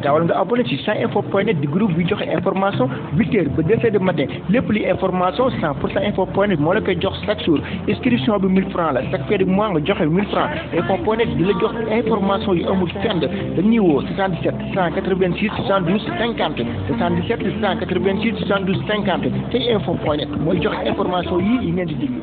gaawal nga abonné ci sans info point di groupe bi joxe information huit heures ba deux matin lépp li information cent pour cent info moo la koy jox chaque jour inscription bi mille francs la chaque fin du mois nga joxe mille francs info point net di la jox information yu amul fenn dañuy woo 77 186 72 50 77 186 72 50 te info point net mooy joxe information yii yi ngeen di déglu.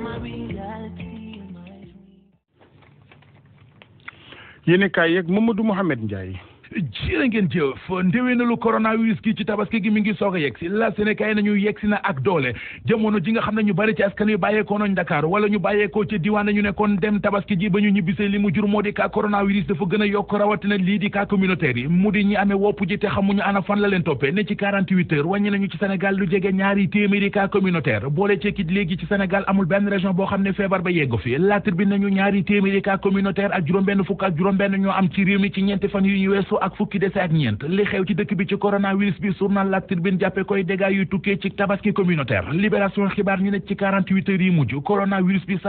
yéen a kaay yeeg Mamadou Mouhamed Ndiaye. jërë ngeen jëf ndéwénalu coronavirus gi ci tabaski gi mi ngi soog a yegsi la Sénégal yi nañu yegsi na ak doole jamono ji nga xam ne ñu bari ci askan yu bàyyeekoo nañ Dakar wala ñu bàyyeekoo ci diwaan ñu nekkoon dem tabaski ji ba ñu ñibbisee li mu jur moo di cas coronavirus dafa gën a yokk rawatina lii di cas communautaire yi mu di ñi amee wopp ji te xamuñu ana fan la leen toppee ne ci 48 heures wàññi nañu ci Sénégal lu jege ñaari téeméeri ak fukki dese ak ñeent li xew ci dëkk bi ci coronavirus bi journal La Tribune jàppe koy dégâts yuy tukkee ci tabaski communautaire libération xibaar ñu ne ci 48 heures yi mujj coronavirus bi fi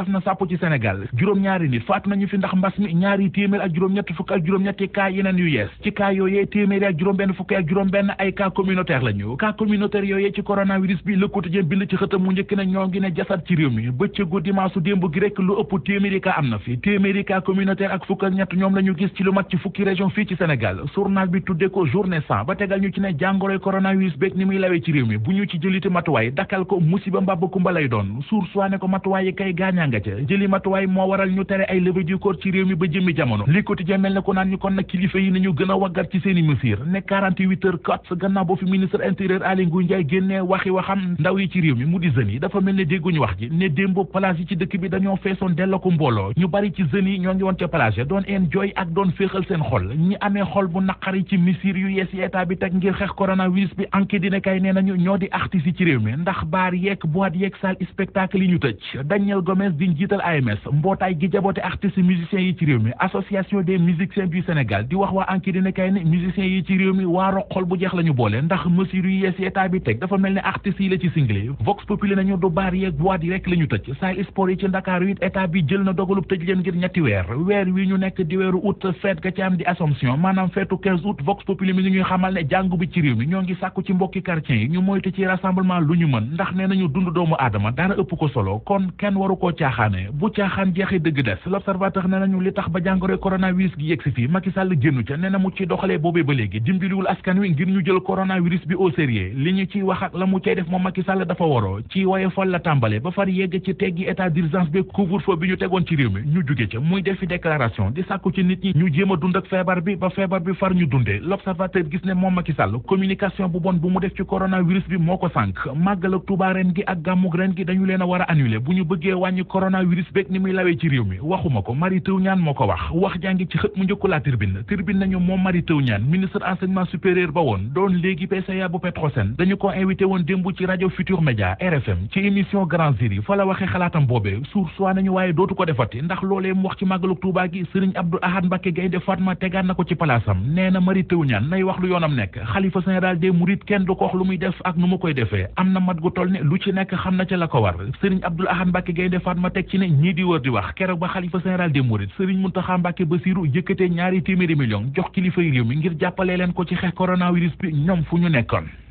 ndax mbas mi ñaari téeméer ñett fukk ak juróom-ñetti cas yeneen yu yees ci cas yooyee téeméeri ak juróom-benn fukk ak juróom-benn ay cas communautaire lañu cas communautaire yooyee ci coronavirus bi Le Quotidien bind ci xëtam mu njëkk ne ñoo ngi ne jasat ci réew mi bëccëgu dimanche démb gi rek lu ëpp téeméeri cas am na fi téeméeri cas communautaire ak fukk ñett ñoom la ñu gis ci lu mat ci fukki région journal bi tuddee ko journée sans ba tegal ñu ci ne jàngoroy coronavirus beeg ni muy lawee ci réew mi bu ñu ci jëlite matuwaay dakal ko musiba mbàbb kumba lay doon suur soi ne ko matuwaay yi kay gaañaa nga ca jëli matuwaay moo waral ñu tere ay levée du corps ci réew mi ba jëmmi jamono li quotidien mel ne ko ñu kon nag kilifa yi nañu gën a waggar ci seen i mesures ne 48 heures kat gannaaw boo fi ministre intérieur Aly Ngouille Ndiaye génnee waxi yi ci réew mi mu di jeunes yi dafa mel ne dégguñu wax ji ne démb dëkk bi dañoo feesoon della ko mbooloo ñu bari ci jeunes yi ñoo ngi woon ca place doon enjoy ak doon féexal seen xol ñi amee xol bu naqari ci misir yu yees yi bi teg ngir xeex coronavirus bi enquête dina kay nee nañu ñoo di artistes yi ci réew mi ndax baar yeeg boîte yeeg salle yi ñu tëj Daniel Gomes di njiital AMS mbootaay gi jaboote artistes musiciens ci réew mi association des musiciens du Sénégal di wax waa enquête dina kay ne musiciens yi ci réew mi waa roqol bu jeex la ñu boole ndax mesures yu yees yi état bi teg ne artistes yi la ci single vox populi nañu du baar yeeg boîte rek la ñu tëj salle sport yi ci Ndakaaru it état bi jël na dogalub tëj leen ngir ñetti weer weer wi ñu nekk di weeru août fête ga ci am di Assomption maanaam feetu 15 août vox populi mi ñu ngi xamal ne jàngu bi ci réew mi ñoo ngi sàkku ci mbokki chrétien yi ñu moytu ci rassemblement lu ñu mën ndax nee nañu dund doomu aadama dara ëpp ko solo kon kenn waru koo caaxaane bu caaxaan jeexi dëgg des l'observateur nee nañu li tax ba jàngoro coronavirus gi yegsi fii Macky Sall génnu ca nee na mu ci doxalee boobee ba léegi dimbaliwul askan wi ngir ñu jël coronavirus bi au sérieux li ñu ciy wax ak la mu cay def moom Macky ba far yegg ci teggi état d'urgence bi couvre-feu bi ñu tegoon ci bi far ñu dundee l'observateur gis ne moom Macky Sall communication bu bon bu mu def ci coronavirus bi moo ko sànk màggal Tuuba ren gi ak gàmmug ren gi dañu leen a war a annuler bu ñu bëggee wàññi coronavirus beeg ni muy lawee ci réew mi waxuma ko Mary Teuw Niane moo ko wax wax jàngi ci xët mu njëkku la Tribune Tribune nañu moom Mary Teuw Niane ministre enseignement supérieur ba woon doon léegi PCA bu Petrosen dañu ko invité woon démb ci rajo Futur Média nee na Mary Teuw nay wax lu yoonam nekk xalifa général des mourides kenn du ko wax lu muy def ak nu ma koy defee am na mat gu toll ne lu ci nekk xam na ca la ko war sëriñ Abdoul Ahad Mbacke Gaynde ma teg ci ne ñii di wër di wax keroog ba xalifa général des mourides sëriñ Mountakha Mbacke Bassirou yëkkatee ñaari téeméeri million jox kilifa yi réew mi ngir jàppale leen ko ci xeex coronavirus bi ñoom fu ñu nekkoon